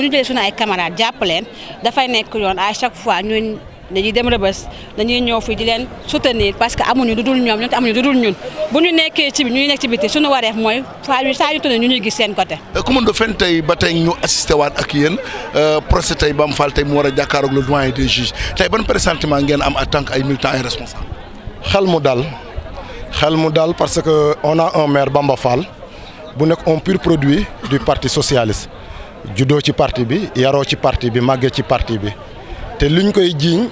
bu ñu suñu ay jàpp leen dafay nekk yoon à chaque fois ñun dañuy dem rëbës dañuy ñëw fii di leen soutenir parce que amuñu du ñoom ñoom te amuñu du dul bu ñu nekkee ci bi ñu nekk ci biti suñu wareef mooy saa yu saa yu tënne ñu ñuy gis seen côté. commande eh, fen tey ba tey ñu assisté waat ak yéen euh, procès tey Bamba Fall tey mu war a jàkkaaroog le des juges tey ban pressentiment ngeen am en tant que ay militants ay responsables. xel mu dal xel mu dal parce que on a un maire Bamba Fall bu nekk un pur produit du parti socialiste. juddoo ci parti bi yaroo ci parti bi màggee ci parti bi te luñ koy jiiñ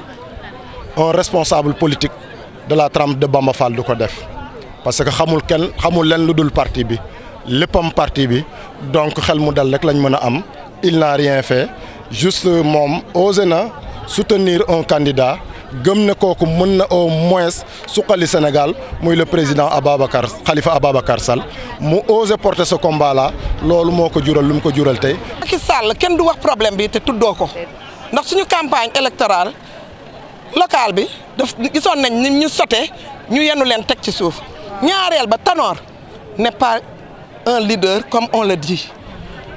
un responsable politique de la trame de Bamba Fall du ko def parce que xamul kenn xamul leen lu dul parti bi léppam parti bi donc xel mu dal rek lañ mën a am il n'a rien fait juste moom osé na soutenir un candidat gëm ne kooku mën na au moins suqali Sénégal muy le président Ababacar Khalifa Ababacar Sall mu osé porte ce combat loolu moo ko jural lu ko jural tey. Macky Sall kenn du wax problème bi te tuddoo ko ndax suñu campagne électorale locale bi daf gisoon nañ ni ñu sote ñu yenu leen teg ci suuf ñaareel ba Tanor n'est pas un leader comme on le dit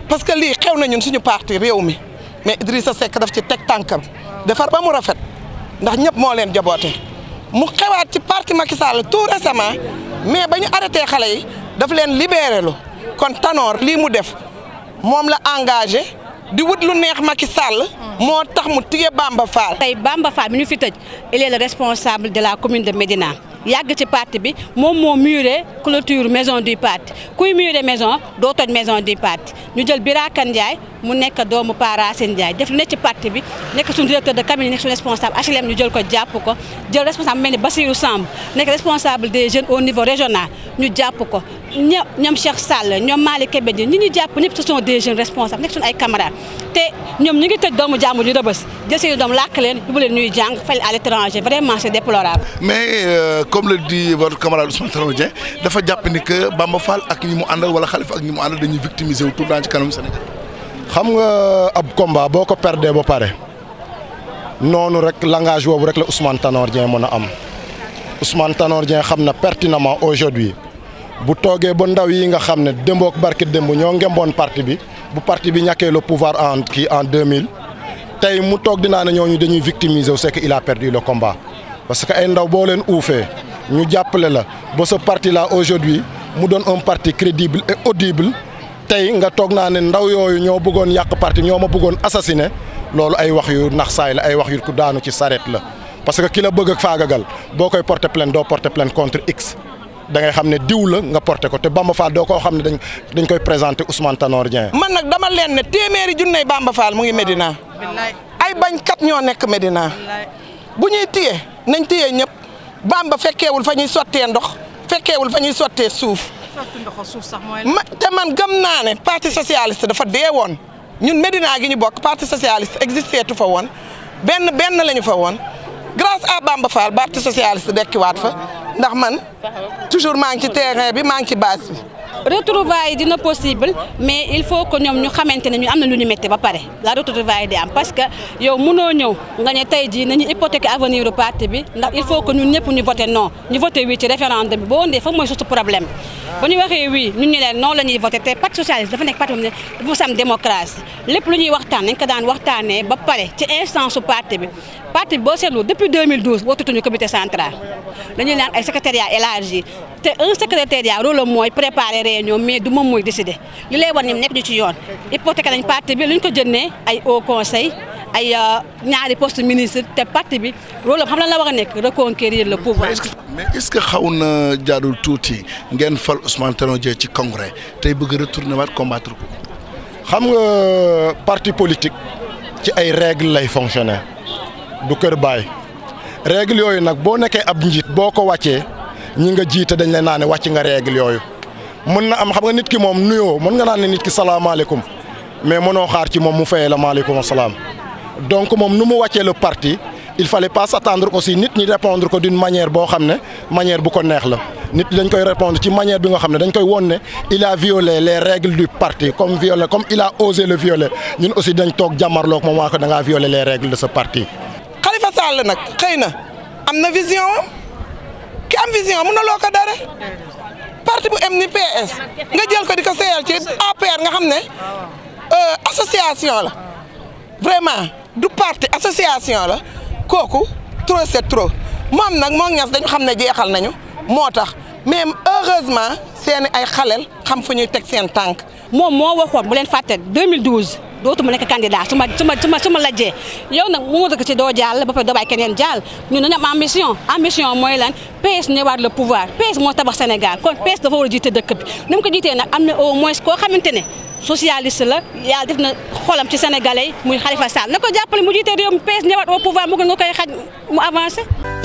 parce que lii xew na ñun suñu parti réew mi mais Idrissa Seck daf ci teg tànkam defar ba mu rafet. ndax ñëpp moo leen jaboote mu xewaat ci parti Macky Sall tout récemment mais ba ñu arrêté xale yi dafa leen libéré lu kon Tanor lii mu def moom la engage di wut lu neex Macky Sall. moo tax mu tige Bamba Fall. tey Bamba Fall mi ñu fi tëj il est responsable de la commune de Médina yàgg ci parti bi moom moo muré clôture maison du parti kuy muré maison doo toj maison du parti ñu jël Birakan Ndiaye. mu nekk doomu Para Sène Ndiaye def lu ne parti bi nekk suñu directeur de cabinet nekk suñu responsable HLM ñu jël ko jàpp ko jël responsable mel ni Bassirou Samb nekk responsable des jeunes au niveau régional ñu jàpp ko ñoom Cheikh Sall ñoom Malick Kébé ñi ñu jàpp ñëpp ce sont des jeunes responsables nekk suñu ay camarades te ñoom ñu ngi tëj doomu jàmbur ñu rëbës jël seeni doom làkk leen leen ñuy jàng fay à l'étranger vraiment c'est déplorable mais euh, comme le dit votre camarade dafa jàpp ni que Bamba Fall ak ñi mu àndal wala xam nga ab combat boo ko perdee ba pare noonu rek langage woowu rek la Ousmane Tanor Dieng mën a am Ousmane Tanor Dieng xam na pertinemment aujourd'hui bu toogee ba ndaw yi nga xam ne démbook barki démb ñoo ngemboon parti bi bu parti bi ñàkkee le pouvoir en kii en 2000 tey mu toog dinaa ne ñooñu dañuy victimiser wu c'est qu'il a perdu le combat parce que ay ndaw boo leen uufee ñu jàppale la ba sa parti là aujourd'hui mu doon un parti crédible et audible tey nga toog naa ne ndaw yooyu ñoo bëggoon yàq parti ñoo ma bëggoon assassiné loolu ay wax yu nax la ay wax yu daanu ci sareet la parce que ki la bëgg ak faagagal boo koy porter plainte doo porter plainte contre x da xam ne diw la nga porté ko te Bamba Fall doo koo xam ne dañ koy présenté Ousmane Tanor Dieng. man nag dama leen ne téeméeri junney Bamba Fall mu ngi Medina ay bañkat ñoo nekk Medina bu ñuy téye nañ téye ñëpp Bamba fekkeewul fa ñuy sottee ma te man gëm naa ne parti socialiste dafa dee woon ñun Medina gi ñu bokk parti socialiste existé tu fa woon benn benn la fa woon grace à Bamba Fall parti socialiste dekkiwaat fa ndax man toujours maa ngi ci terrain bi maa ngi ci base bi. retrouvailles dina possible mais il faut que ñoom ñu xamante ne ñu am na lu ñu métti ba pare la retrouvaille di am parce que yow mënoo ñëw nga ne tey ji nañu hypothéquer avenir u parti bi ndax il faut que ñun ñëpp ñu voté non ñu voté oui ci référendum bi boo ndee foofu mooy surtout problème ba ñu waxee oui ñu leen non la ñuy voté te parti socialiste dafa nekk parti moom ne dafa sam démocratie lépp lu ñuy waxtaan nañ ko daan waxtaanee ba pare ci instance su parti bi parti bi boo seetlu depuis 2012 wootatuñu comité central dañuy naan ay secrétariat élargi te un secrétaire yaa rôle mooy préparer réunion mais du moom mooy décider li lay war ñoom nekk ñu ci yoon hypothèque nañ parti bi lu ñu ko jëndee ay haut conseil ay euh, ñaari poste ministre te parti bi rôle xam lan la war nekk reconquérir le pouvoir. mais est ce que xaw na jaadul tuuti ngeen fal Ousmane Tanor Dieng ci congrès tey bëgg a retourner waat combattre ko. xam nga parti politique ci ay règles lay fonctionner du kër baay règles yooyu nag boo nekkee ab njiit boo ko wàccee. ñi nga jiite dañ lay naa ne wàcc nga règle yooyu mën na am xam nga nit ki moom nuyoo mën nga naan ne nit ki salaamaaleykum mais mënoo xaar ci moom mu fayee la maaleykum salaam donc moom nu mu wàccee le parti il fallait pas s'attendre aussi nit ñi répondre ko d'une manière boo xam ne manière bu ko neex la nit dañ koy répondre ci manière bi nga xam ne dañ koy woon ne il a violé les règles parti comme violé comme il a osé le violer ñun aussi dañ toog jàmmarloog moom waa ko da ngaa violé les parti. Khalifa Sall nag xëy na am na vision. am vision mun na loo ko dara parti bu am ni PS nga jël ko di ko seeyal ci APR nga xam ne euh, association la vraiment du parti association la kooku trop c'est trop moom nag moo ñas dañu xam ne jeexal nañu moo tax mais heureusement seen ay xaleel xam fu ñuy teg seen tànk. moom moo waxoon bu leen fàtte 2012. dootuma nekk candidat su ma su ma su ma su ma lajjee yow nag mu dëkk ci doo jàll ba pare doo bàyyi keneen jàll ñun dañu am ambition ambition mooy lan PS ñëwaat le pouvoir PS moo tabax Sénégal kon PS dafa war a jiite dëkk bi ni mu ko jiitee nag am na au moins koo xamante ne socialiste la yàlla def na xolam ci sénégalais muy Khalifa Sall na ko jàppale mu jiite réew mi PS ñëwaat au pouvoir mu gën nga koy xaj mu avancé